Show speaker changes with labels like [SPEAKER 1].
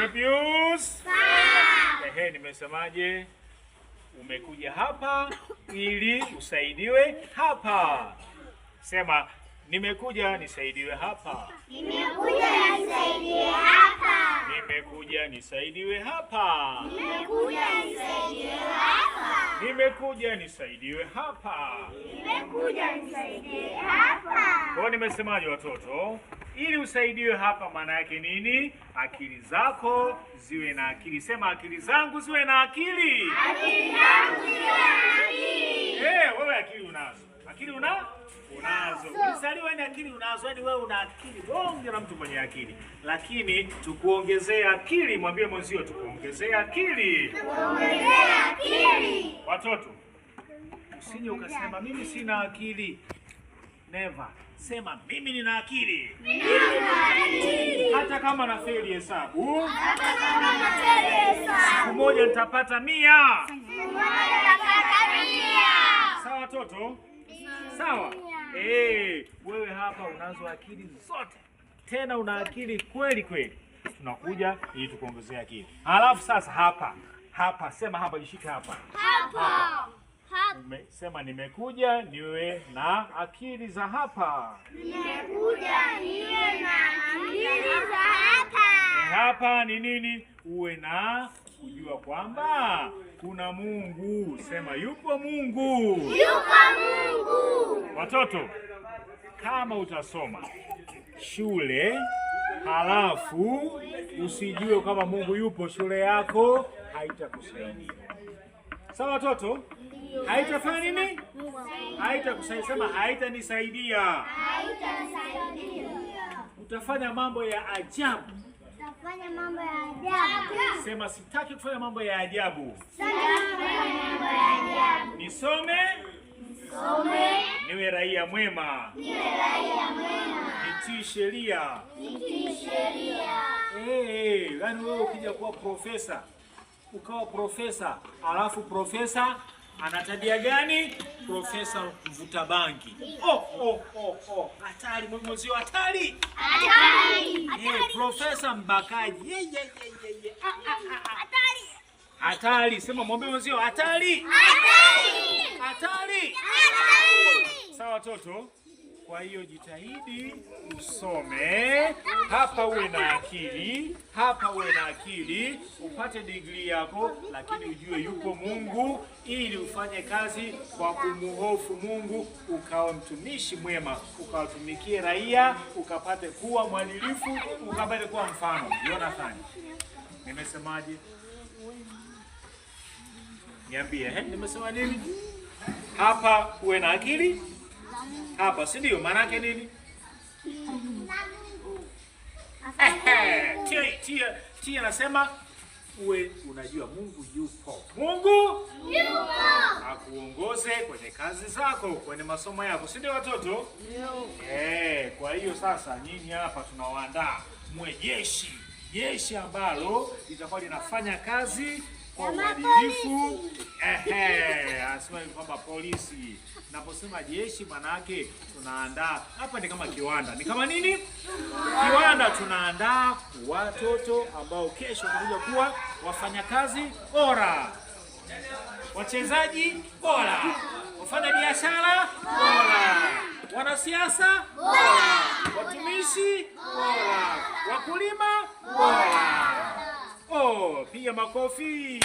[SPEAKER 1] Vipius. Ehe, nimesemaje? Umekuja hapa ili usaidiwe hapa. Sema nimekuja nisaidiwe hapa.
[SPEAKER 2] Nimekuja nisaidiwe hapa.
[SPEAKER 1] Nimekuja nisaidiwe hapa.
[SPEAKER 2] Nimekuja nisaidiwe hapa.
[SPEAKER 1] Nimekuja nisaidiwe hapa.
[SPEAKER 2] Nimekuja nisaidiwe hapa.
[SPEAKER 1] Kwa nimesemaje watoto? Ili usaidiwe hapa maana yake nini? Akili zako ziwe na akili. Sema akili zangu ziwe na akili.
[SPEAKER 2] Akili zangu ziwe na akili.
[SPEAKER 1] Eh, hey, wewe akili unazo akili una unazo. Ulizaliwa ni yaani akili unazo, yaani wewe una akili bonge na mtu mwenye akili. Lakini tukuongezee akili, mwambie mwenzio tukuongezee akili.
[SPEAKER 2] Tukuongezee akili.
[SPEAKER 1] Watoto, usije ukasema mimi sina akili. Never. Sema mimi nina akili.
[SPEAKER 2] Mimi nina akili.
[SPEAKER 1] Hata kama na feli hesabu. Hata
[SPEAKER 2] kama na feli hesabu.
[SPEAKER 1] Siku moja nitapata 100. Siku
[SPEAKER 2] moja nitapata 100.
[SPEAKER 1] Sawa watoto? sawa? Hey, eh, wewe hapa unazo akili zote tena una akili kweli kweli, tunakuja ili tukuongezee akili. Alafu sasa hapa hapa, sema hapa, jishike hapa
[SPEAKER 2] hapa, hapa.
[SPEAKER 1] Ume, sema nimekuja niwe na akili za hapa,
[SPEAKER 2] nimekuja niwe na akili za hapa.
[SPEAKER 1] hapa ni nini? Uwe na kujua kwamba kuna Mungu. Sema yupo Mungu,
[SPEAKER 2] yupo Mungu.
[SPEAKER 1] Watoto, kama utasoma shule halafu usijue kama Mungu yupo, shule yako haitakusaidia. Sawa watoto? Haitafanya nini? Haitakusaidia. Sema haitanisaidia,
[SPEAKER 2] haitanisaidia.
[SPEAKER 1] Utafanya mambo ya ajabu
[SPEAKER 2] kufanya mambo ya ajabu.
[SPEAKER 1] Sema sitaki kufanya mambo ya ajabu.
[SPEAKER 2] Sitaki kufanya mambo ya ajabu.
[SPEAKER 1] Nisome,
[SPEAKER 2] nisome,
[SPEAKER 1] niwe raia mwema,
[SPEAKER 2] Niwe raia mwema.
[SPEAKER 1] nitii sheria.
[SPEAKER 2] Nitii sheria.
[SPEAKER 1] Yaani wewe ukija kuwa profesa ukawa profesa alafu profesa ana tabia gani? Profesa mvuta bangi. Oh, oh, oh, oh. Hatari mwenzio, hatari,
[SPEAKER 2] hatari.
[SPEAKER 1] Profesa Mbakaji. Ye, ye, ye, ye. ye. ah, ah. ah, ah. Hatari. Hatari. Sema mwombe mwenzio hatari.
[SPEAKER 2] Hatari.
[SPEAKER 1] Hatari. Sawa, watoto. Kwa hiyo jitahidi usome hapa, uwe na akili hapa, uwe na akili upate digrii yako, lakini ujue yupo Mungu, ili ufanye kazi kwa kumuhofu Mungu, ukawa mtumishi mwema, ukawatumikie raia, ukapate kuwa mwadilifu, ukapate kuwa mfano. Yonathani, nimesemaje? Niambie, eh, nimesema nini? Hapa uwe na akili hapa, si ndio? Maana yake nini? Ti anasema uwe unajua Mungu yupo. Mungu yupo. Akuongoze kwenye kazi zako, kwenye masomo yako, si ndio watoto? Eh, kwa hiyo sasa nyinyi hapa tunawaandaa mwe jeshi, jeshi ambalo litakuwa linafanya kazi kwa uadilifu. Ehe, asema kwamba polisi, naposema jeshi manake tunaandaa hapa, ni kama kiwanda, ni kama nini kiwanda, tunaandaa watoto ambao kesho watakuja kuwa wafanyakazi bora, wachezaji bora, wafanya biashara bora, wanasiasa bora, watumishi bora, wakulima bora. Piga makofi.